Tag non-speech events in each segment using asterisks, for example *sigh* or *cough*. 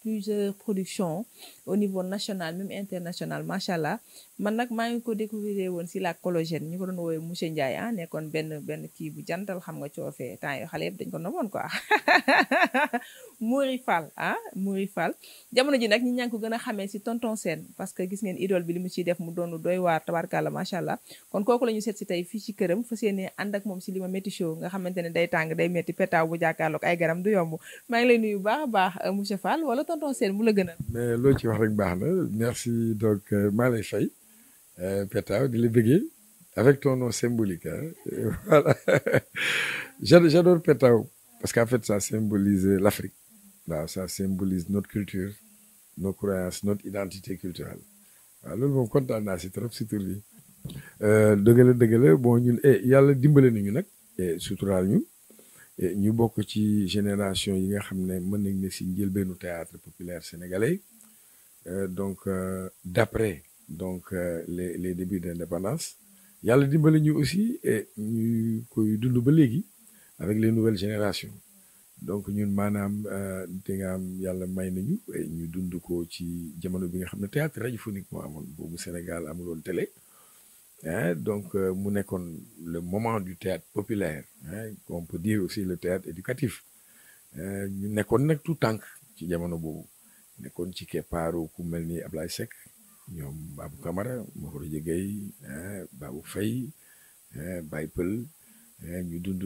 plusieurs productions au niveau national même international macha allah man nag maa ngi ko découvrir woon si la collogène ñi ko doon woowee monsieur Ndiaye ah nekkoon benn benn kii bu jantal xam nga coofee temps yoo xale yëpp dañ ko nomoon quoi *laughs* Mouri Fall ah Mouri Fall jamono ji nag ñi ñaa gën a xamee si tonton Sène parce que gis ngeen idole bi li mu ciy def mu doon doy waar tabarkàlla macha allah kon kooku la ñu seet si tey fii ci këram fas yéene ànd ak moom si li ma métti show nga xamante ne day tàng day métti pétaaw bu jàkkaarloog ay garam du yomb a baax euh, monsieur Fall mais merci donc de euh, euh, avec ton nom symbolique hein. *laughs* j'adore pétao parce qu'en fait ça symbolise l'Afrique ça symbolise notre culture nos croyances notre identité culturelle Alors trop euh, bon ñun eh, nous eh, bokk ci génération yi nga théâtre populaire sénégalais eh, donc euh, d'après donc euh, les débuts de yàlla dimbali ñu aussi eh, ñu koy avec les nouvelles générations donc ñun euh, di nga am may nañu ñu dund ko ci théâtre radiophonique Sénégal télé Hein, donc, euh, le moment du théâtre populaire, hein, qu'on peut dire aussi le théâtre éducatif. Euh, Nous sommes tout temps ci jamono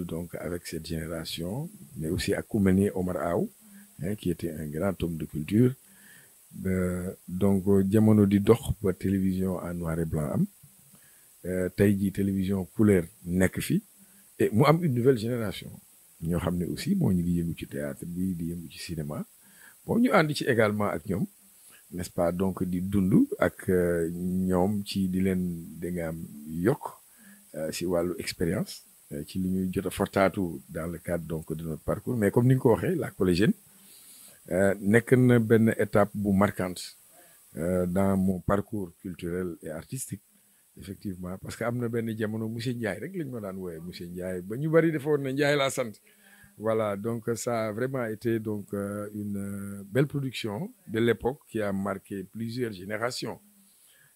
donc avec cette génération mais aussi à Omar hein, qui était un grand homme de culture euh, donc euh, jamono di télévision en noir et blanc euh, télévision couleur nek fi et mu am une nouvelle génération Nous xamné aussi bon ñu ngi yëngu ci théâtre bi di yëngu ci cinéma Nous ñu ci également ak n'est-ce pas donc di dundu ak euh, ñom ci di len qui nga am yokk euh, si expérience ci li ñuy fortatu dans le cadre donc de notre parcours mais comme nous l'avons ko la collégienne nekk na ben étape bu marquante dans mon parcours culturel et artistique effectivement parce que am na benn jamono monsieur Ndiaye rek lañ ma daan wooyee monsieur Ndiaye ba ñu bari dafa woon Ndiaye sant voilà donc ça a vraiment été donc euh, une euh, belle production de l'époque qui a marqué plusieurs générations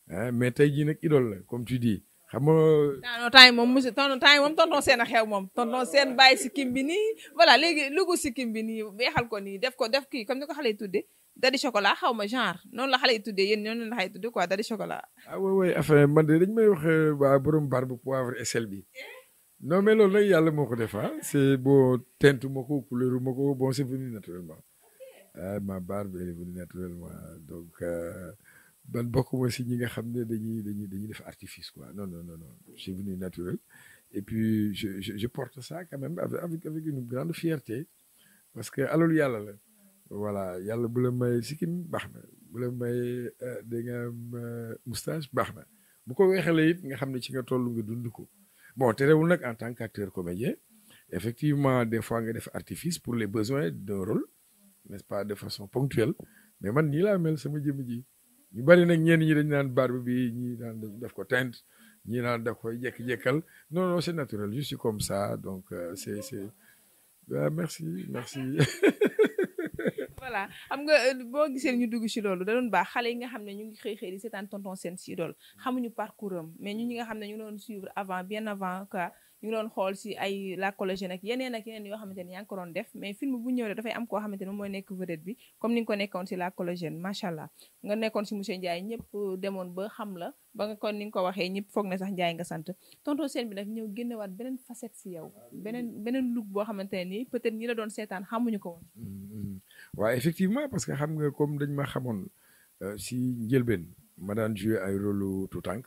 hein? mais tey jii nag idole la comme tu dis xam nga. non temps yi moom monsieur tonton temps yi moom tonton seen xew moom tonton seen bàyyi sikkim bi nii voilà léegi lugu sikkim bi nii weexal ko nii def ko def kii comme ni ko xale tuddee dadi chocolat xaw ma genre noonu la xale yi tuddee yéen noonu la xale yi quoi dadi chocolat. ah oui oui enfin man de dañ may wax euh, waa borom barbe poivre et sel bi non mais loolu nag yàlla moo ko def ah c'est bon teint ma ko couleur ma ko bon c'est venu naturellement ah ma barbe elle est venue naturellement donc euh, man bokkuma si ñi nga xam ne dañuy dañuy dañuy def artifice quoi non non non non c'est venu naturel et puis je je je porte ça quand même avec avec une grande fierté parce que alalu yàlla la voilà yalla bu la may sikkim baax na bu la may eh, da nga am eh, moustache baax na bu ko weexalee it nga xam ne ci nga toll nga dund ko bon terewul nag en tant qu'acteur comédien effectivement des fois nga def artifice pour les besoins d'un rôle n'est-ce pas de façon ponctuelle mais man nii laa mel sama jëmm ji ñu bari nag ñenn ñi dañ naan barbe bi ñi naan def ko teinte ñi naan daf koy jekk-jekkal non non c'est naturel je suis comme ça donc euh, c'est c'est ah, merci merci *laughs* voilà xam nga euh, boo gisee ñu dugg ci loolu da baax xale yi nga xam ne ñu ngi xëy xëy di seetaan tonton seen si dool xamuñu parcours nga xam ne ñu ngi doon suivre avant bien avant que ñu ngi ay la collège nag yeneen ak yeneen yoo xamante ni yaa ngi ko doon def mais film bu ñëwee dafay am koo xamante ni moom mooy nekk vedette bi comme ni nga ko nekkoon si la collège macha allah nga nekkoon si monsieur Ndiaye ñëpp demoon ba xam la ba nga waxee ñëpp foog na sax Ndiaye nga sant tonton seen bi nag ñëw génnewaat beneen facette si yow beneen beneen look boo xamante ne nii être ñi la doon seetaan xamuñu ko woon mm-hmm. waaw effectivement parce que xam nga comme dañ ma xamoon euh, si njëlbeen ma daan jouer ay rôle tout tank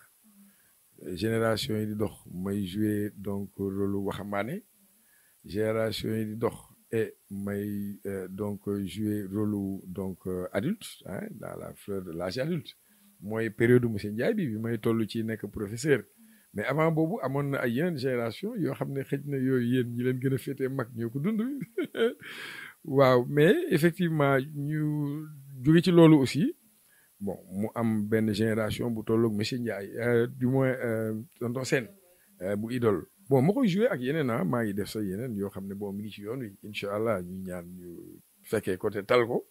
génération yi di dox may jouer donc rôle waxambaane génération yi di dox et may euh, donc jouer rôle donc euh, adulte hein dans la fleur de l'âge adulte mooy période monsieur Ndiaye bi bi may toll ci nekk professeur mais avant boobu amoon na ay yeneen génération yoo xam ne xëj na yooyu yéen ñi leen gën a féetee mag ñoo ko dund *laughs* waaw mais effectivement ñu jóge ci loolu aussi bon mu am benn génération bu tolloog monsieur Ndiaye euh, du moins dans euh, tonton euh bu idol bon ma koy joué ak yeneen ah maa ngi def sa yeneen yoo xam ne bon mi ngi ci yoon wi incha allah ñu ñaan ñu fekkee côté tal ko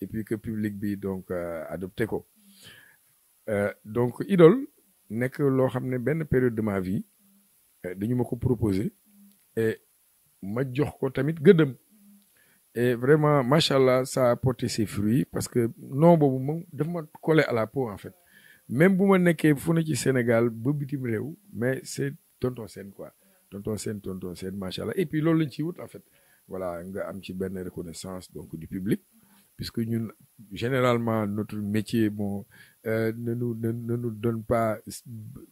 et puis que public bi donc euh, adopté ko donc idole nekk loo xam ne benn période de ma vie dañu ma ko proposé et ma jox ko tamit gëddëm et vraiment machallah, ça a porté ses fruits parce que non bon de de ma coller à la peau en fait même bu au Sénégal, vous ne ci Sénégal ba bitim mais c'est tonton Sen quoi tonton Sen, tonton Sen, machallah. et puis l'autre en fait voilà nga am ci reconnaissance donc du public puisque généralement notre métier bon euh, ne nous ne, nous donne pas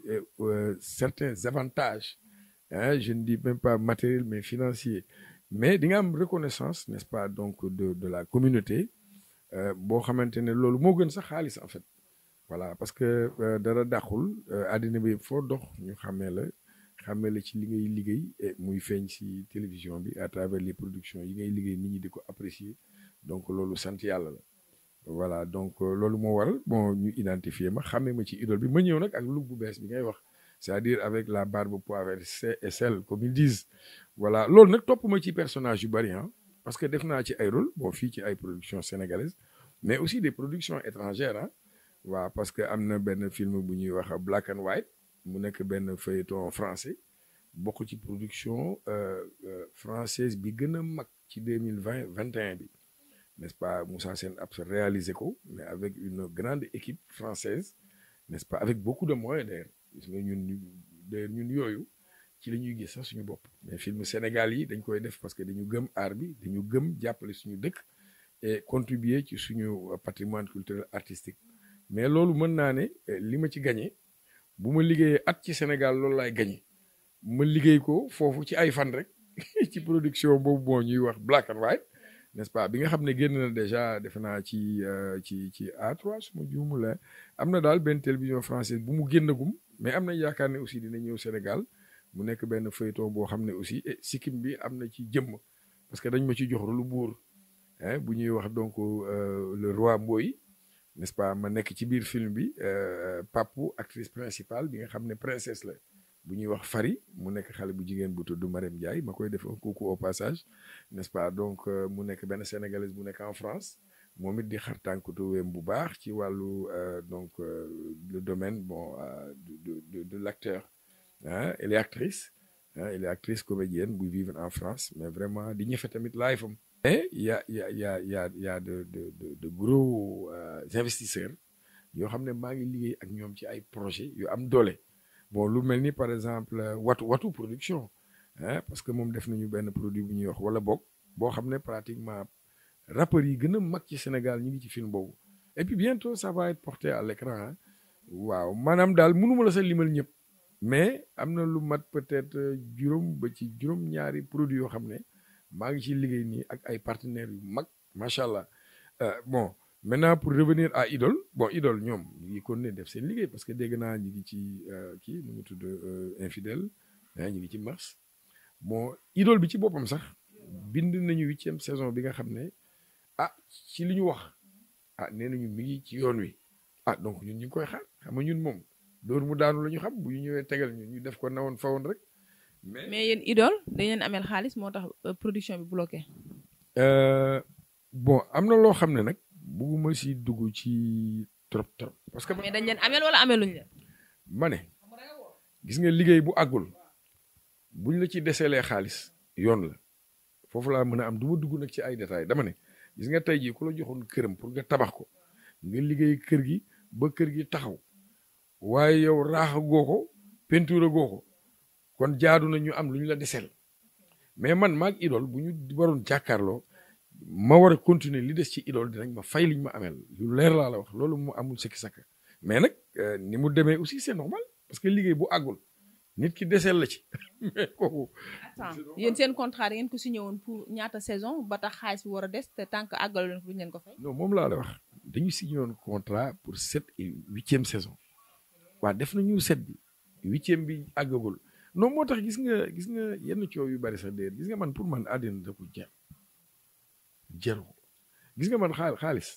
euh, euh, certains avantages hein, je ne dis même pas matériel mais financier mais di nga am reconnaissance n'est-ce pas donc de de la communauté euh, boo xamante ne loolu moo gën sax xaalis en fait voilà parce que euh, dara dàqul adina euh, bi fo dox ñu xamé la xamé la ci li ngay liggéey muy feñ ci télévision bi à travers les productions yi ngay liggéey nit ñi di ko apprécier donc lolu sante yalla la voilà donc lolu mo waral bon ñu identifier ma xamé ma ci idole bi ma ñew nak ak lu bu bees bi ngay wax c'est-à-dire avec la barbe poivrée et sel comme ils disent voilà loolu nag top personnage du hein parce que il y ci ay rôle bon y ci ay production sénégalaise mais aussi des productions étrangères hein. parce que y a un film bu black and white mu nekk feuilleton français beaucoup ci production euh, euh, française bi a mag ci 2020, n'est-ce pas Moussa Sen a réalisé quoi, mais avec une grande équipe française n'est-ce pas avec beaucoup de moyens d'ailleurs gis nga ñun d'ailleurs yooyu ci la ñuy gis sax suñu bopp mais film Sénégal yi dañ koy def parce que dañu gëm aar bi dañu gëm jàppale suñu dëkk et contribuer ci suñu patrimoine culturel artistique mais loolu mën naa ne eh, li ma ci gañe bu ma liggéeyee at ci Sénégal loolu laay gañe ma liggéey ko foofu ci ay fan rek *laughs* ci production boobu moo ñuy wax black and white n'est-ce pas bi nga xam ne génn na déjà defe naa ci euh, ci ci A3 su ma juumul am na daal benn télévision française bu mu génnagum mais am nañ yaakaar ne aussi dina ñëw Sénégal mu nekk benn feuilleton boo xam ne aussi eh sikkim bi am na ci jëmm parce que dañ ma ci jox lu buur bu ñuy wax donc euh, le roi Mboy n'est-ce pas ma nekk ci biir film bi euh, pappu actrice principale bi nga xam ne princesse la bu ñuy wax Fari mu nekk xale bu jigéen bu tudd Marème Ndiaye ma koy def un coucou au passage n'est-ce pas donc euh, mu nekk benn sénégalaise bu nekk en France moom it di xartànkutu wéem bu baax ci walu euh, donc euh, le domaine bon de euh, de de l'acteur hein elle est actrice hein elle est actrice comédienne buy vivre en France mais vraiment di ñëfé tamit life am il y a y a y a il y a de de de de gros investisseurs yo xamné ma ngi liggéey ak ñom ci ay projet yu am dolé bon lu melni par exemple watu watu production hein parce que mom def nañu ben produit bu ñuy wax wala bok bo xamné pratiquement rappeurs yi gëna a mag ci Sénégal ñi ngi ci film boobu et puis bientôt ça va être porté à l'écran hein. waaw maanaam daal mënuma la sa limal ñëpp mais am na lu mat peut-être euh, juróom ba ci juróom-ñaari produit yoo xam ne maa ngi ci liggéey nii ak ay partenaires yu mag macha allah euh, bon maintenant pour revenir à Idol, bon Idol ñoom ñu ngi continuer def seen liggéey parce que dégg naa ñu ngi ci euh, kii nu mu tudd infidèle ah hein, ñu ngi ci mars bon idol bi ci boppam sax bind nañu huitième saison bi nga xam ne ah ci liñu wax ah nenañu nañu mi ngi ci yoon wi ah donc ñun ñu koy xaar xam ñun moom door mu daanu lañu xam bu ñu ñëwee tegal ñu ñu def ko nawon fawoon rek. mais mais yeen idole dañ leen amel xaaliss moo tax euh, production bi bloqué. euh bon amna lo loo nak ne nag bugguma dugg ci trop trop. parce que mais dañ leen amel wala ameeluñ leen. mané gis nga liggéey bu agul buñ la ci déssélé xaaliss yoon la fofu la mëna am duma dugg nak ci ay détails dama né gis nga tey jii ko la joxoon këram pour ga tabax ko nga liggéey kër gi ba kër gi taxaw waaye yow raaxa goo ko peinture goo ko kon jaadu na ñu am lu ñu la deseel mais man maag idole bu ñu waroon jàkkaarloo ma war a continuer li des ci idole dinañ ma fay liñ ma ameel lu leer laa la wax loolu mu amul sikki sakka mais nag euh, ni mu demee aussi c'est normal parce que liggéey bu àggul nit ki deseel la ci *laughs* mais kooku. seen contrat da ngeen ko signé woon pour ñaata saison ba tax xaalis bi war a des te tant que àggal leen ko duñ leen ko fay. non moom laa la wax dañu signé woon contrat pour set et huitième saison waaw def nañu sept bi huitième bi àggagul non moo tax gis nga gis nga yenn coow yu bari sax déer gis nga man pour man àddina da ko jar jaru gis nga man xaal xaalis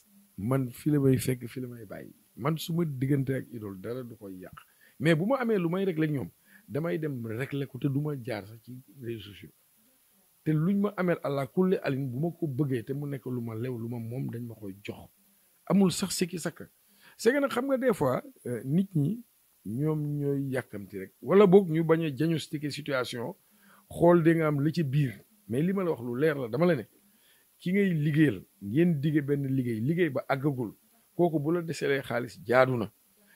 man fi la may fekk fi la bàyyi man su ma diggante ak idole dara du koy yàq mais bu ma amee lu may régler ñoom. damay dem régler ko te du ma jaar sax ci réseaux sociaux te luñ ma ameel àlla kulli alin bu ma ko bëggee te mu nekk lu ma lew lu ma moom dañ ma koy jox amul sax sikki sakk c'est que nag xam nga des fois euh, nit ñi ñoom ñooy yàkkamti rek wala boog ñu bañ a diagnostiquer situation xool di nga am li ci biir mais li ma la wax lu leer la dama la ne ki ngay liggéeyal ngeen digge benn liggéey liggéey ba àggagul kooku bu la desee deselee xaalis jaadu na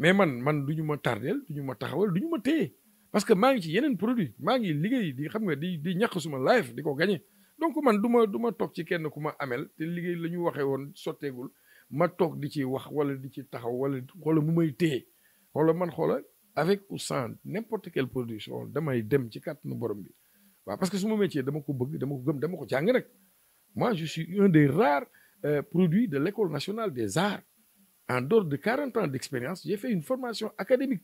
mais man man du ñu ma tardeel du ma taxawal du ma téye parce que maa ngi ci yeneen produit maa ngi liggéey di xam nga di di ñàkk suma live di ko gagné donc man du ma du ma toog ci kenn ku ma amel te liggéey la ñu waxee woon sotteegul ma toog di ci wax wala di ci taxaw wala xoola mu may téye xoola man xoola avec ou sans quel quelle production damay dem ci kàttanu borom bi waaw parce que suma métier dama ko bëgg dama ko gëm dama ko jàng nag moi je suis un des rares euh, produits de l'école nationale des arts en dehors de 40 ans d'expérience, j'ai fait une formation académique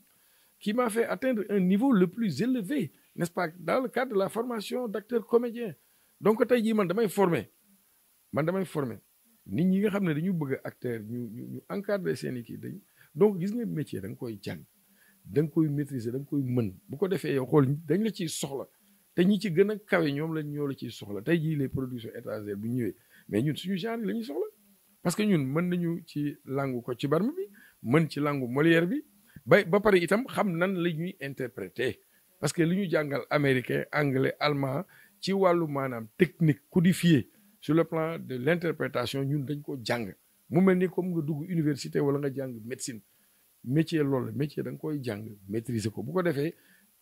qui m'a fait atteindre un niveau le plus élevé, n'est-ce pas, dans le cadre de la formation d'acteur comédien. Donc, tey jii man damay formé man damay formé nit ñi nga xam ne dañu bëgg acteur ñu ñu encadré seen i kii dañ donc gis nga métier da nga koy jàng da nga koy maîtriser da nga koy mën bu ko defee yow xool dañ la ciy soxla faire. ñi ci gën a kawe ñoom lañ ñoo la ciy soxla tey jii les producteurs, étrangères bu ñëwee mais ñun suñu genre de la ñuy soxla. parce que ñun mën nañu ci langu ko ci barme bi mën ci langu Molière bi ba ba pare itam xam nan la ñuy interpréter parce que li ñu jàngal américain anglais allemand ci wàllu maanaam technique codifiée sur le plan de l' interprétation ñun dañ ko jàng mu mel ni comme nga dugg université wala nga jàng médecine métier loolu métier da nga koy jàng maîtriser ko bu ko defee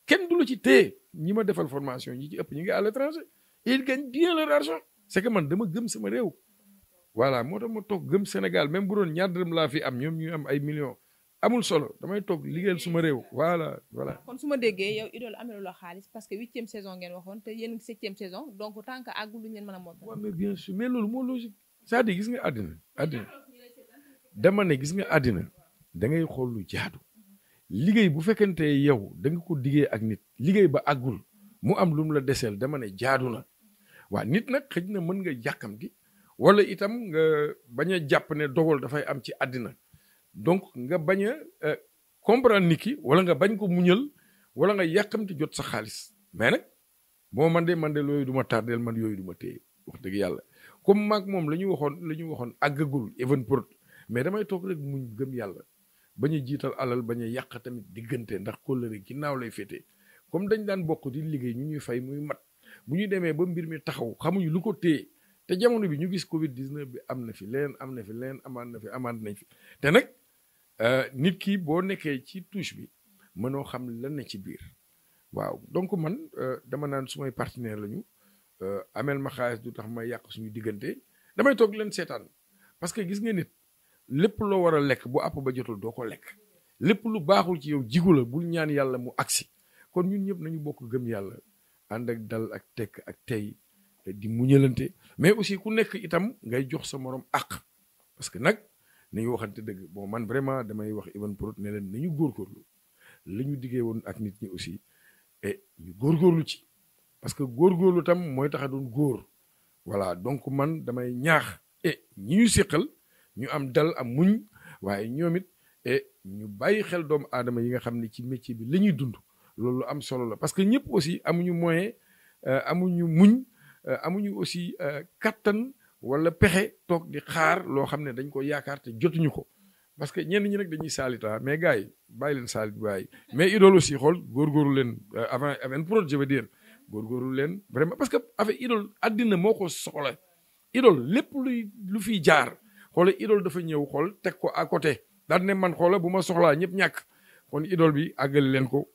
kenn du ci tee ñi ma defal formation ñi ci ëpp ñi ngi à l'étranger ils gagnent bien leur argent c'est que man dama gëm sama réew voilà moo tax ma toog gëm Sénégal même bu doon ñaar dërëm laa fi am ñoom ñu am ay millions amul solo damay toog liggéeyal suma réew voilà voilà. kon su ma déggee yow Idole amelu la xaalis parce que huitième saison ngeen waxoon te yéen septième saison donc tant que àggul lu ñu leen a mottali. waaw mais bien sûr mais loolu moo logique. cest à gis nga àddina àddina dama ne gis nga àddina da ngay xool lu jaadu liggéey bu fekkente yow da nga ko diggee ak nit liggéey ba aggul mu am lu mu la deseel dama ne jaadu na waa nit nag xëj na mën nga yàkkamti wala itam nga bañ a jàpp ne dogal dafay am ci àddina donc nga bañ a euh, comprendre nit ki wala nga bañ ko muñal wala nga yàqamti jot sa xaalis mais nag moo man de man de yooyu du ma tardeel man yooyu du ma téye wax dëgg yàlla comme maag moom la ñu waxoon la ñu waxoon àggagul even pour mais damay toog rek muñ gëm yàlla bañ a jiital alal bañ yàq tamit diggante ndax kóllëre ginnaaw lay féete comme dañ daan bokk di liggéey ñu ñuy fay muy mat bu ñu demee ba mbir mi taxaw te jamono bi ñu gis Covid 19 bi am na fi leen am na fi leen amaat na fi amaat nañ fi te nag euh, nit kii boo nekkee ci touche bi mënoo xam lan na ci biir waaw donc man euh, dama naan sumay partenaire lañu euh, ameel ma xaalis du tax may yàq suñu diggante damay toog leen seetaan parce que gis nga nit lépp loo war a lekk bu àpp ba jotul doo ko lekk lépp lu baaxul ci yow jigu la bul ñaan yàlla mu agsi kon ñun ñëpp nañu bokk gëm yàlla ànd ak dal ak tekk ak tey. te di muñalante mais aussi ku nekk itam ngay jox sa moroom àq parce que nag nañu waxante dëgg bon man vraiment damay wax Ivan Prod ne leen nañu góorgóorlu li ñu diggee woon ak nit ñi aussi et ñu góorgóorlu ci parce que góorlu tam mooy tax doon góor voilà donc man damay ñaax et ñi ñu séqal ñu am dal am muñ waaye ñoom it et ñu bàyyi xel doomu aadama yi nga xam ni ci métier bi la ñuy dund loolu am solo la parce que ñëpp aussi amuñu moyen euh, amuñu muñ Euh, amuñu aussi euh, kattan wala pexe toog di xaar loo xam ne dañ ko yaakaar te jotuñu ko parce que ñenn ñi nag dañuy saalita mais gars yi bàyyi leen saalit bàyyi mais idole aussi xool góorgóorlu leen euh, avant avant projet je veux dire góorgóorlu leen vraiment parce que avec idole addina moo ko soxla idole lépp luy lu fiy jaar xool idole dafa ñëw xool teg ko à côté daal ne man xoola bu ma soxlaa ñëpp ñàkk kon idole bi àggali leen ko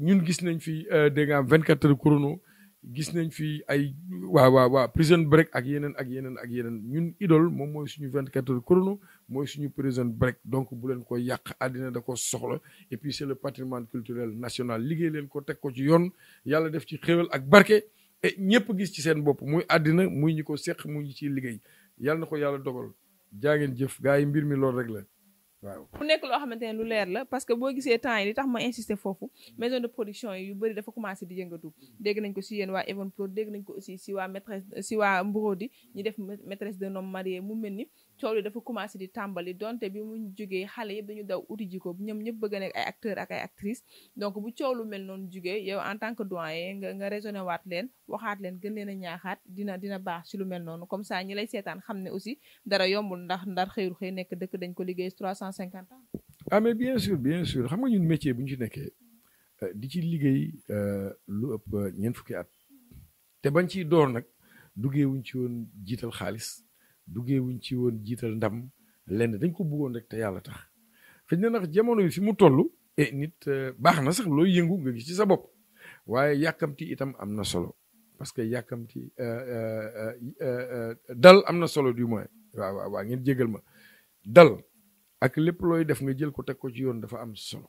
ñun gis nañ fi dégg vingt am 24 gis nañ fi ay waa waa waa prison break ak yeneen ak yeneen ak yeneen ñun idole moom mooy suñu 24 heures chrono mooy suñu prison break donc bu leen ko yàq àddina da ko soxla et puis c'est le patrimoine culturel national liggéey leen ko teg ko ci yoon yàlla def ci xéwal ak barke et ñëpp gis ci seen bopp muy àddina muy ñi ko seq muy ñi ciy liggéey yàlla na ko yàlla dogal jaa ngeen jëf gaa yi mbir mi loolu rek la waaw mu nekk loo xamante ne lu leer la parce que boo gisee temps yi li tax ma insisté foofu mm. maison de production yi yu bëri dafa commencé di yëngatu mm. dégg nañ ko si yéen waa Even Pro dégg nañ ko aussi si waa maîtresse si waa Mburodi mm. ñu def maîtresse d'un homme marié mu mel ni coow dafa commencé di tàmbali donte bi mu jógee xale yëpp dañu daw uti ji ko ñoom ñëpp bëgg a nekk ay acteurs ak ay actrices donc bu coow lu mel noonu jógee yow en tant que doyen nga nga raisonné waat leen waxaat leen gën leen a ñaaxaat dina dina baax ci lu mel noonu comme ça ñi lay seetaan xam ne aussi dara yombul ndax ndar xëyru xëy nekk dëkk dañ ko liggéey 350 ans. ah amee bien sûr bien sûr xam nga ñun métier bu ñu ci nekkee euh, di ci liggéey euh, lu ëpp euh, ñeent fukki at te bañ ciy door nag duggee wuñ ci xaalis. duggee wuñ ci woon jiital ndam lenn dañ ko buggoon rek te yàlla tax xëy na ndax jamono yi fi mu toll e nit eh, baax na sax looy yëngu nga gis ci sa bopp waaye yàkkamti itam am na solo parce que yàkkamti eh, dal am na solo du moins waaw waaw waa ngeen jégal ma dal ak lépp looy def nga jël ko teg ko ci yoon dafa am solo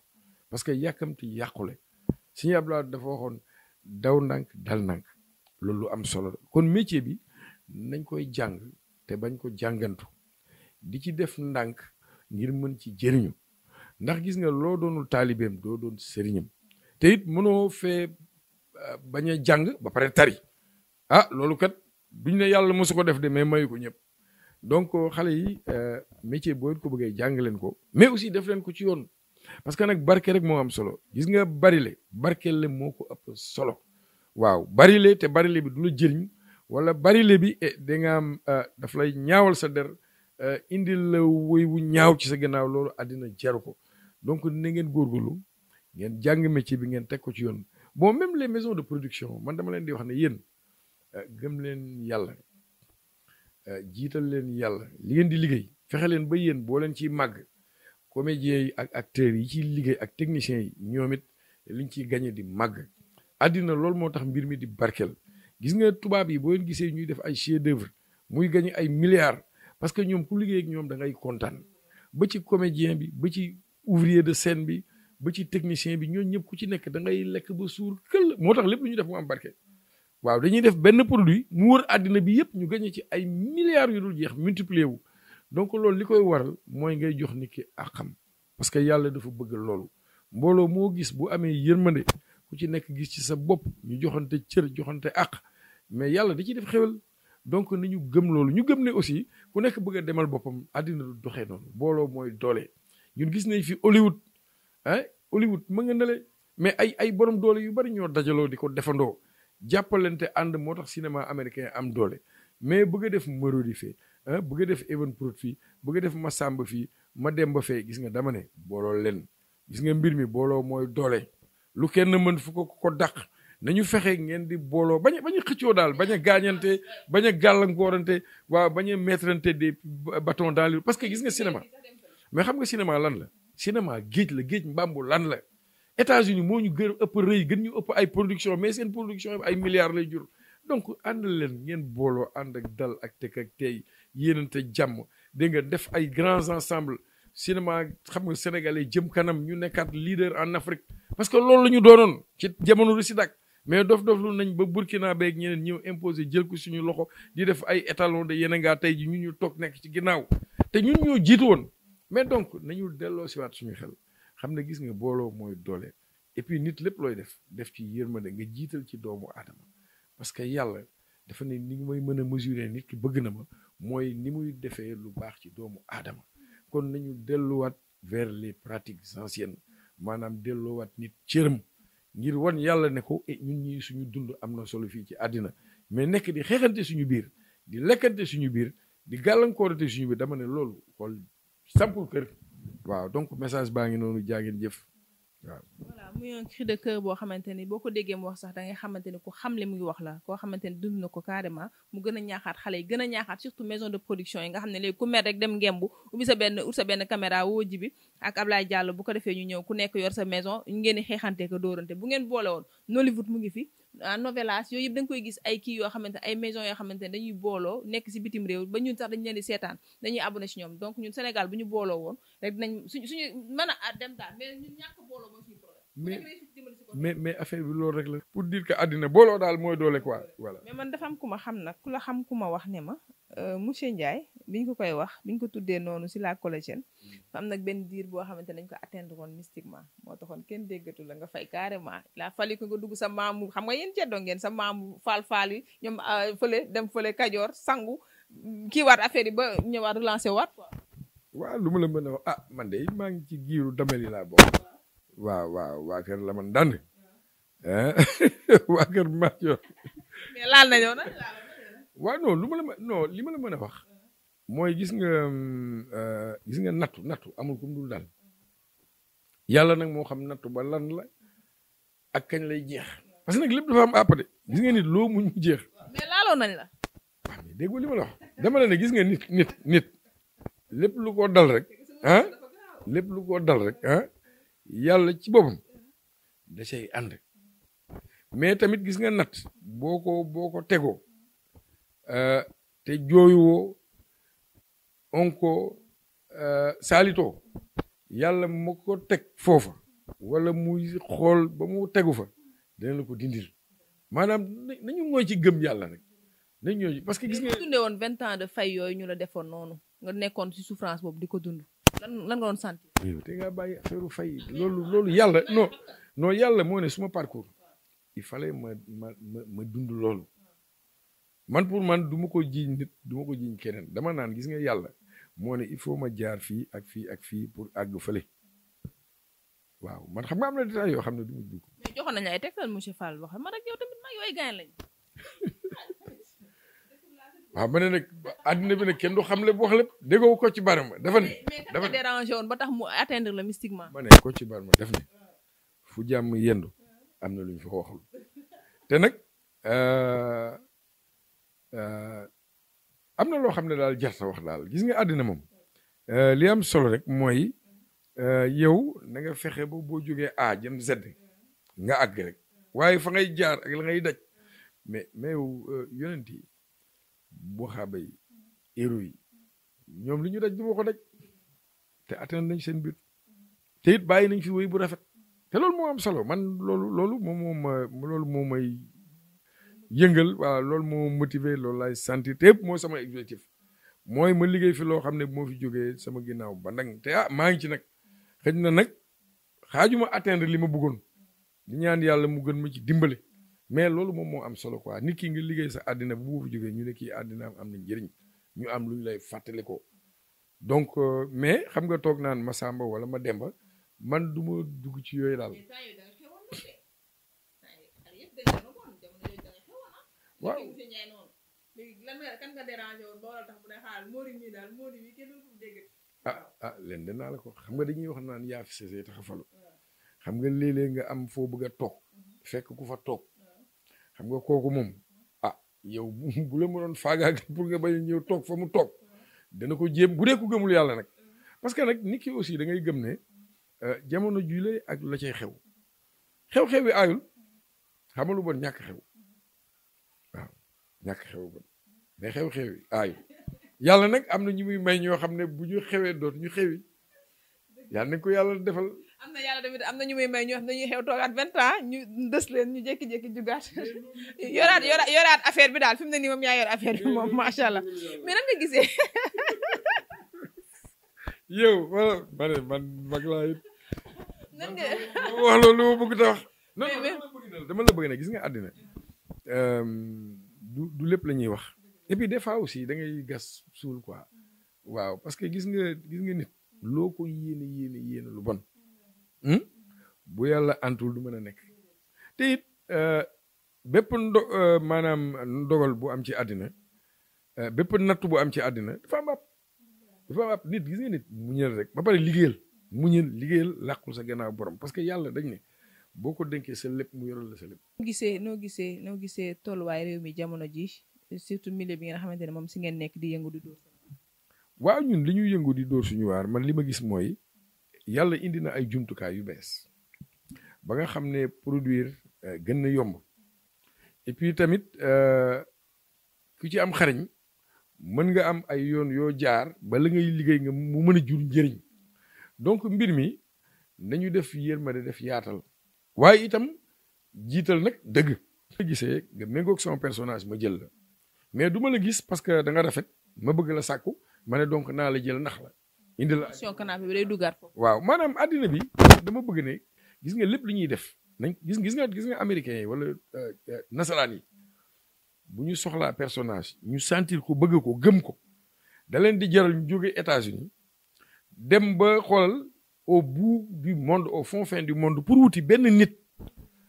parce que yàkkamti yàqule Sëñ Abdoulaye dafa waxoon daw ndànk dal ndànk loolu am solo kon métier bi nañ koy jàng te bañ ko jàngantu di ci def ndànk ngir mën ci jëriñu ndax gis nga loo doonul taalibeem doo doon sëriñam te it mënoo fee euh, bañ a jàng ba pare tari ah loolu kat duñ ne yàlla mosu ko def de mais mayu ko ñëpp donc euh, xale yi euh, métier boo ko bëggee jàng leen ko mais aussi def leen ko ci yoon parce que nag barke rek moo am solo gis nga le barke la moo ko ëpp solo waaw barile te barile bi du la jëriñ wala barile bi e da nga e, daf lay ñaawal sa der e, indi la woy wu ñaaw ci sa gannaaw loolu àddina jaru ko donc ni ngeen góorgóorlu ngeen jàng ci bi ngeen teg ko ci yoon bon même les maisons de production man dama leen di wax ne yéen e, gëm leen yàlla jiital leen yàlla li ngeen di liggéey fexe leen ba yéen boo leen ci màgg comédiens yi ak acteurs yi ci liggéey ak techniciens yi ñoom it liñ ciy gañe di màgg addina loolu moo tax mbir mi di barkeel gis nga tubaab yi boo gisee ñuy def ay chef d'œuvre muy gañu ay milliards parce que ñoom ku liggéey ak ñoom da ngay kontaan ba ci comédien bi ba ci ouvrier de scène bi ba ci technicien bi ñooñu ñëpp ku ci nekk dangay lekk ba suur këll moo tax lépp lu ñu def mu am barke. waaw dañuy def benn produit mu wër àddina bi yëpp ñu gañe ci ay milliards yu dul jeex multiplier wu donc loolu li koy waral mooy ngay jox nit ki ak parce que yàlla dafa bëgg loolu mbooloo moo gis bu amee yërmande ku ci nekk gis ci sa bopp ñu joxante cër joxante ak mais yàlla da ciy def xéwal donc ni ñu gëm loolu ñu gëm ne aussi ku nekk bëgg a demal boppam àddina du doxee noonu booloo mooy doole ñun gis nañ fi Hollywood ah Hollywood mën nga nale mais ay ay borom doole yu bari ñoo dajaloo di ko defandoo jàppalante ànd moo tax cinéma américain am doole mais bëgg def Marodi fee ah bëgg a def Evenprod fii bëgg a def Massamba fii Mademba fee gis nga dama ne booloo leen gis nga mbir mi booloo mooy doole lu kenn mën fu ko ko dàq na ñu fexe ngeen di booloo bañ bañ a xëccoo daal bañ a gaañante bañ a gàllankoorante waa bañ a mettrante des bâtons dans parce que gis nga cinéma mais xam nga cinéma lan la cinéma géej la géej mbàmbu lan la États-Unis moo ñu gër ëpp rëy gën ñu ëpp ay production mais seen production ay milliards lay jur donc ànd leen ngeen booloo ànd ak dal ak teg ak tey yéenante jàmm dégg nga def ay grands ensemble cinéma xam nga sénégalais jëm kanam ñu nekkaat leader en Afrique parce que loolu la ñu doonoon ci jamono du Sidak mais dof-dof lu nañ ba Burkina beeg ñeneen ñëw imposé jël ko suñu loxo di def ay étalon de yéen a ngaa tey ji ñun ñu toog nekk ci ginnaaw te ñun ñoo jiitu woon mais donc nañu delloo siwaat suñu xel xam ne gis nga booloo mooy doole et puis nit lépp looy def def ci ma yërmande nga jiital ci doomu aadama parce que yàlla dafa ne ni may mën a mesurer nit ki bëgg na ma mooy ni muy defee lu baax ci doomu aadama kon nañu delluwaat vers les pratiques anciennes maanaam delloowaat nit cëram ngir wan yàlla ne ko eh, ñun ñi suñu dund am na solo fii ci àddina mais nekk di xeexante suñu biir di lekkante suñu biir di gàllankoorante suñu biir dama ne loolu xool sampul kër waaw donc message baa ngi noonu jaa ngeen jëf waaw voilà muy un cri boo xamante ni boo ko déggee mu wax sax da ngay xamante ni ko xam li muy wax la koo xamante ni dund na ko carrément mu gën a ñaaxaat xale yi gën a ñaaxaat surtout maison de production yi nga xam ne léegi ku mer rek dem ngembu ubbi sa benn ut sa benn caméra woo ji bi ak Ablaye Diallo bu ko defee ñu ñëw ku nekk yor sa maison ngeen di xeexante ko doorante bu ngeen boole woon Nollywood mu ngi fi ah novelas yooyu yëpp da nga koy gis ay kii yoo xamante ay maison yoo xamante ne dañuy booloo nekk si bitim réew ba ñun sax dañu leen di seetaan dañuy abonné si ñoom donc ñun Sénégal bu ñu booloo woon rek dinañ suñu suñu mën a ah, dem daal mais ñun ñàkk booloo mooy suñu mais mais affaire bi lool rek la pour dire que àddina booloo dal moy doole quoi euh, voilà. mais man dafa am kuma xam nak kula xam kuma ma wax ne ma euh, monsieur ndjay biñ ko koy wax biñ ko tuddé nonu ci la collagène mm. am nak ben diir bo xamanté dañ ko atteindre won mystiquement mo taxone ken déggatu la nga fay carrément la fali ko nga dugg sa maamu xam nga yeen ceddoo ngeen sa maamu fal faal ñom feulé dem feulé kadior sangu ki waat affaire yi ba ñewat relancer wat quoi. wa luma la mëna ah man dé ma ngi ci giiru damel la waaw waaw waa kër la man dand waa kër maa *laughs* jox mais laal la non li ma la mën a wax mooy gis nga mm, euh, gis nga nattu nattu amul kum dul daal nag moo xam nattu ba lan la ak kañ lay jeex parce que nag lépp dafa am àpp de gis nga nit loo jeex. mais laaloon nañ la. waaw mais dégg la wax dama la ne gis nga nit nit nit lépp lu ko dal rek ah lépp lu ko rek ah, yàlla ci boppam da cay ànd mais tamit gis nga nat boo ko boo ko tegoo euh, te jooyuwoo on ko euh, saalitoo yàlla mu ko teg foofa wala muy xool ba mu tegu fa dana la ko dindil maanaam nañu mooy ci gëm yàlla rek nañu ñoo ci parce que gis nga dundee fay yooyu ñu la defoon noonu nga nekkoon ci boobu di ko dund lan lan nga doon sant. te nga bàyyi affaire fay loolu loolu yàlla non non yàlla moo ne suma parcours il fallait ma ma dund loolu man pour man duma ko jiiñ nit ko jiiñ keneen dama naan gis nga yàlla moo ne il faut ma jaar fii ak fii ak fii pour àgg fële waaw man xam nga am na détail yoo xam ne du ma dugg. ma yooyu gaay lañ waaw ma ne nag àddina bi nag kenn du xam lépp wax lépp déggoo ko ci barama dafa ne. dafa ne dérangé woon ba tax mu atteindre la mystiquement. ma ne ko ci barama def ne fu jàmm yendu am na luñ ñu fa waxul te nag euh, euh, am na loo xam ne daal jar sa wax daal gis nga àddina moom euh, li am solo rek mooy yow na nga fexe ba boo jógee A jëm Z nga àgg rek waaye fa ngay jaar ak la ngay daj mais mais yow yonent yi buxaaba yi héros yi ñoom lu ñu daj du ko daj te atteindre nañ seen but te it bàyyi nañ fi wéy bu rafet te loolu moo am solo man loolu loolu moom moom ma loolu moo may yëngal waaw loolu moo motiver loolu laay sentir te yëpp mooy sama objectif mooy ma liggéey fi loo xam ne moo fi jógee sama ginnaaw ba nag te ah maa ngi ci nag xëj na nag xaaju ma atteindre li ma bëggoon di ñaan yàlla mu gën ma ci dimbale mais loolu moom moo am solo quoi nit ki nga liggéey sa àddina bu boobu jógee ñu ne kii àddina am na njëriñ ñu am lu ñu lay fàttali ko donc euh, mais xam nga toog naan ma sàmba wala ma demba man du ma dugg ci yooyu daal waaw ah ah leen danaa la ko xam nga dañuy wax naan yaa fi sese tax a falu xam nga léeg-léeg nga am foo bëgg a toog mm-hmm. fekk ku fa toog xam nga kooku moom ah yow bu *laughs* bu la mënoon faagaagal pour nga bañ a ñëw toog fa mu toog dana ko jéem bu dee ku gëmul yàlla nag parce que nag nit aussi da ngay gëm ne euh, jamono jii la ak la cay xew xew-xew yi aayul xamalu bon ñàkk xew waaw ñàkk xew bon mais xew-xew yi aayul yàlla nag am na ñu muy may ñoo xam ne bu ñu xewee doot ñu xewi yàlla nañ ko yàlla defal am na yàlla tamit am na ñu may may ñu wax dañuy xew toogaat vingt ans ah, ñu ndës leen ñu jékki-jékki jugaat *laughs* yoraat yoraat yoraat affaire bi daal fi mu ne nii moom yaa yor affaire bi moom macha allah mais nan nga gisee. *laughs* yow ma ne man mag laa it. nan nga wax loolu lu ma bëgg te wax. dama la bëgg ne gis nga àddina ehm, du du lépp la ñuy wax. et puis des fois aussi da ngay gas suul quoi. Mm-hmm. waaw parce que gis nga gis nga nit. loo ko yéene yéene yéene lu bon. hum bu yàlla antul du mën a nekk te it euh, bépp ndo euh, maanaam ndogal bu am ci àddina euh, bépp natt bu am ci àddina dafa am ab dafa am ab nit gis nga nit muñal rek ba pare mu muñal liggéeyal làqul sa gannaaw borom parce que yàlla dañ ne boo ko denkee sa lépp mu yoral la sa lépp. noo gisee noo gisee noo gisee tolluwaay réew mi jamono ji surtout milieu bi nga xamante ne moom si ngeen nekk di yëngu di dóor. waaw ñun li ñuy yëngu di dóor suñu waar man li ma gis mooy. yàlla indi na ay jumtukaay yu bees ba nga xam ne produire euh, gën na yomb et puis tamit euh, ku ci am xarañ mën nga am ay yoon yoo jaar ba la ngay liggéey nga mu mën a jur njëriñ donc mbir mi nañu def yërmande def yaatal waaye itam jiital nag dëgg la gisee nga méngoog son personnage ma jël la mais du ma la gis parce que da nga rafet ma bëgg la sàkku ma ne donc naa la jël nax la indi la bi day duggaat foofu. waaw maanaam àddina bi dama bëgg gis nga lépp lu ñuy def nañ gis gis nga gis nga américains yi wala euh, euh, nasaraan yi bu ñu soxlaa personnage ñu sentir ko bëgg ko gëm ko da leen di jaral ñu jóge États-Unis dem ba xoolal au bout du monde au fond fin du monde pour wuti benn nit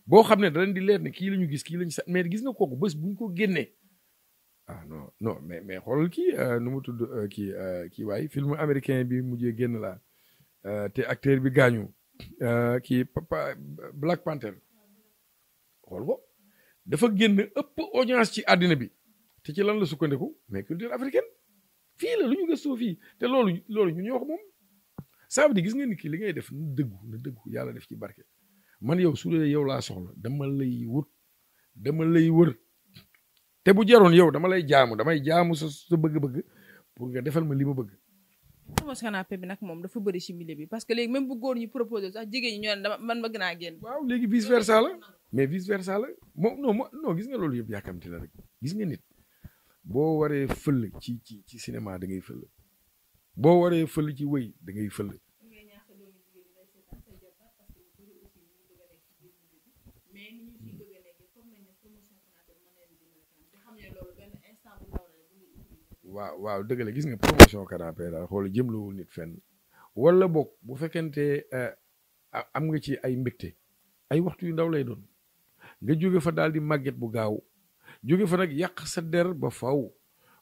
boo xam ne da leen di leer ne kii la ñu gis kii la ñu mais gis nga kooku bés bu ñu ko génnee. ah non non mais mais xoolal kii euh, nu mu tudd euh, ki euh, kii waay film americain bi mujjee génn laa te acteur bi gaañu kii Black Panther xool ko dafa génn ëpp audience ci àddina bi te ci lan la sukkandiku mais culture africaine fii la lu ñu gëstoo fii te loolu loolu ñu ñoo ko moom ça veut gis nga ni ki li ngay def na dëggu na dëggu yàlla def ci barke man yow su dee yow laa soxla dama lay wut dama lay wër te bu jaroon yow dama lay jaamu damay jaamu sa sa bëgg-bëgg pour nga defal ma li ma bëgg. semence canapé bi nag moom dafa bëri ci milieu bi parce que léegi même bu góor ñi proposé sax jigéen ñi ñoo ne dama man bëgg naa génn. waaw léegi vice versa la mais vice versa la moom non non gis nga loolu yëpp yàkkamti na rek gis nga nit boo waree fël ci ci ci cinéma da ngay fël boo waree fël ci wëy da ngay fël waaw waaw dëgg la gis nga promotion canapé daal xool jëmlawul nit fenn walla boog bu fekkente eh, am nga ci ay mbégte ay waxtu yu ndaw lay doon nga jóge fa daal di màgget bu gaaw jóge fa nag yàq sa der ba faw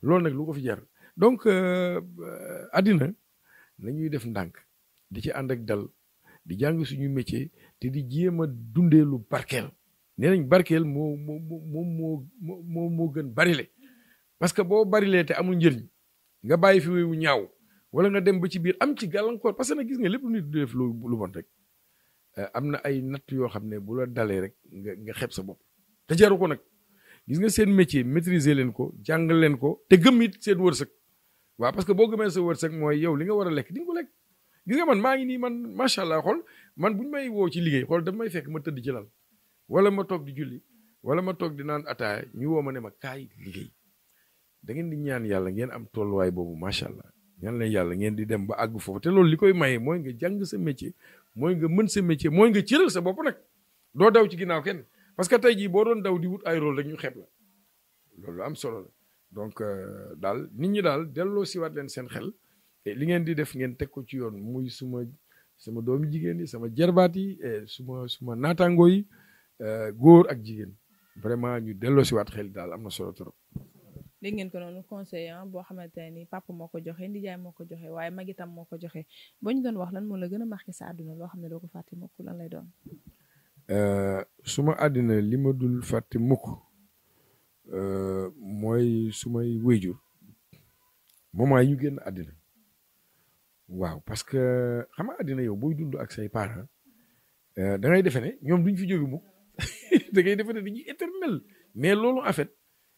loolu nag lu ko fi jar donc euh, euh, àddina na ñuy def ndànk di ci ànd ak dal di jàng suñu métier te di jéem a dundee lu barkeel nee nañ barkeel moo moo moo moo moo moo gën barile parce que boo barilee te amul njëriñ nga bàyyi fi wu ñaaw wala nga dem ba ci biir am ci gàllankoor parce que nag gis nga lépp lu nit def lu rek euh, am na ay natt yoo xam ne bu la dalee rek nga nga xeeb sa bopp te jaru ko nag gis nga seen métier maîtriser leen ko jàng leen ko te gëm it seen wërsëg waa parce que boo gëmee sa wërsëg mooy yow li nga war a lekk di nga ko lekk gis nga man maa ngi nii man macha allah xool man bu ñu may woo ci liggéey xool daf may fekk ma tëdd ci lal wala ma toog di julli wala ma toog di naan ataaya ñu woo ma ne ma kaay liggéey da ngeen di ñaan yàlla ngeen am tolluwaay boobu macha allah ñaan leen yàlla ngeen di dem ba àgg foofu te loolu li koy maye mooy nga jàng sa métier mooy nga mën sa métier mooy nga cëral sa bopp nag doo daw ci ginnaaw kenn parce que tey jii boo doon daw di wut ay rôle rek ñu xeeb la loolu am solo la donc euh, daal nit ñi daal delloo siwaat leen seen xel li ngeen di def ngeen teg ko ci yoon muy suma sama doom jigéen yi sama jarbaat yi et suma suma naataangoo yi euh, góor ak jigéen vraiment ñu delloo siwaat xel daal am na solo trop. dégg ngeen ko noonu conseil ah, boo xamante ne ni papa moo ko joxe ndijaay moo ko joxe waaye mag itam moo ko joxe boo ñu doon wax lan moo la gën a marqué sa àdduna loo xam ne doo ko fàtte mukk lan lay doon. Euh, suma àddina li ma dul fàtte mukk euh, mooy sumay wéyjur moment yi ñu génn àddina waaw parce que xam nga àddina yow booy dund ak say parents euh, da ngay defe ne ñoom duñ fi jóge mukk *laughs* da ngay defe ne dañuy éternel mais loolu en fait.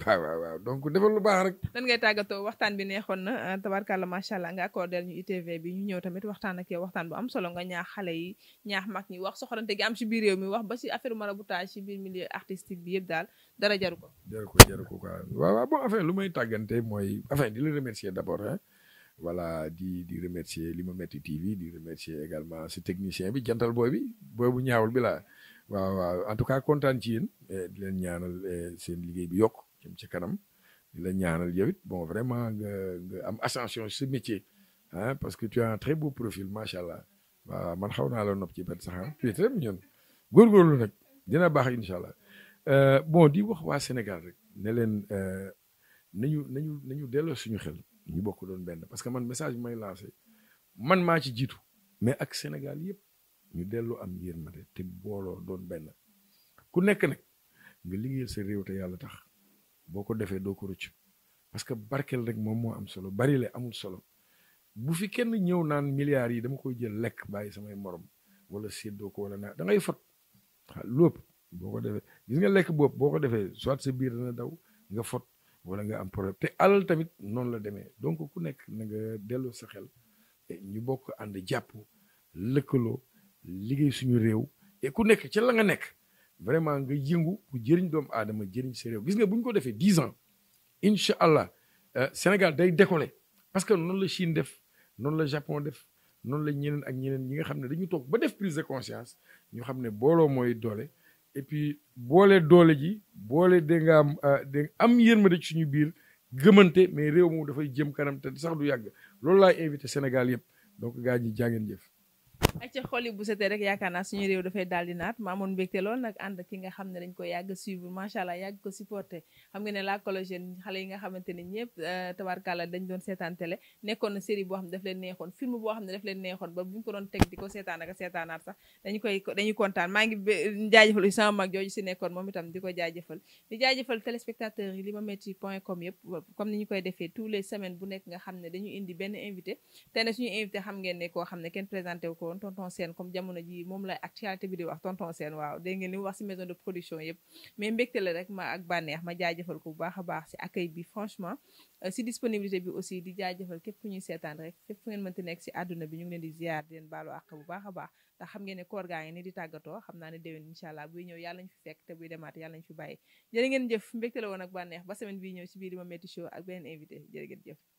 waaw waaw donc defal lu baax rek. lan ngay tàggatoo waxtaan bi neexoon na ah, tabarkàlla macha allah nga accordé ñu ITV bi ñu ñëw tamit waxtaan ak waxtaan bu am solo nga ñaax xale yi ñaax mag ñi wax soxorante gi am si biir réew mi wax ba ci affaire maraboutage si biir milieu artistique bi yëpp daal dara jaru ko. jaru ko jaru ko quoi waaw waaw bon lu may tàggante mooy affaire di la remercier d'abord hein. wala di di remercier li ma metti TV di remercier également si technicien bi jantal booy bi booy bu ñaawul bi waaw en tout cas kontaan ci yéen di leen ñaanal seen liggéey bi yokk. jëm ci kanam di la ñaanal yow it bon vraiment nga nga am ascension ci métier hein parce que tu as un très beau profil macha allah waaw man xaw naa la nopp ci benn saxam hein. tu es très mignon góorgóorlu nag dina baax incha allah euh, bon di wax waa Sénégal rek ne leen euh, nañu nañu nañu delloo suñu xel ñu bokk doon benn parce que man message may lancé man maa ci jiitu mais ak Sénégal yépp ñu delloo am yërmande te booloo doon benn ku nekk nag nga liggéeyal sa réew te yàlla tax. boo ko defee doo ko rëccu parce que barkeel rek moom moo am solo bari le amul solo bu fi kenn ñëw naan milliards yi dama koy jël lekk bàyyi samay morom wala séddoo ko wala naa da ngay fot waaw lépp boo ko defee lekk bopp boo ko defee soit sa biir dana daw nga fot wala nga am problème te alal tamit noonu la demee donc ku nekk na nga delloo sa xel ñu bokk ànd jàpp lëkkaloo liggéey suñu réew et ku nekk ci la nga nekk vraiment nga yëngu pour jëriñ jëriñ gis nga ko dix ans euh, Sénégal day décoller parce que la Chine def noonu la Japon def noonu la ñeneen ak ñeneen ñi nga dañu prise de conscience ñu et puis ji am euh, am ci suñu biir mais jëm kanam sax du Sénégal donc acca xol yi bu setee rek yaakaar naa suñu réew dafay daal di naat ma lool nag ànd ki nga xam ne dañ ko yàgg suivre macha allah yàgg ko supporté xam nga ne la collagène xale yi nga ne ñëpp euh, tabarkàlla dañ doon seetaan xam ne daf leen neexoon film boo xam ne daf leen neexoon ba bu dañu u sama ne dañu indi benn invité te ne suñu invité xam ngeen ne koo xam ne kenn présenté ko woon tonton Sène comme jamono ji moom la actualité bi di wax ton Sène waaw dégg ngeen li mu wax si maison de production yëpp mais mbégte la rek ma ak bànneex ma jaajëfal ko bu baax a baax si accueil bi franchement si euh, disponibilité bi aussi di jaajëfal képp ku ñuy seetaan rek fépp fu ngeen mënti nekk si àdduna bi ñu ngi di ziar di leen baalu àq bu baax a baax ndax xam ngeen ne koor gaa ngi ni di tàggatoo xam naa ne déwén incha allah buy ñëw yàlla ñu fi fekk te buy demaat yàlla ñu fi bàyyi jërë ngeen bii ñëw si biir Limametti Show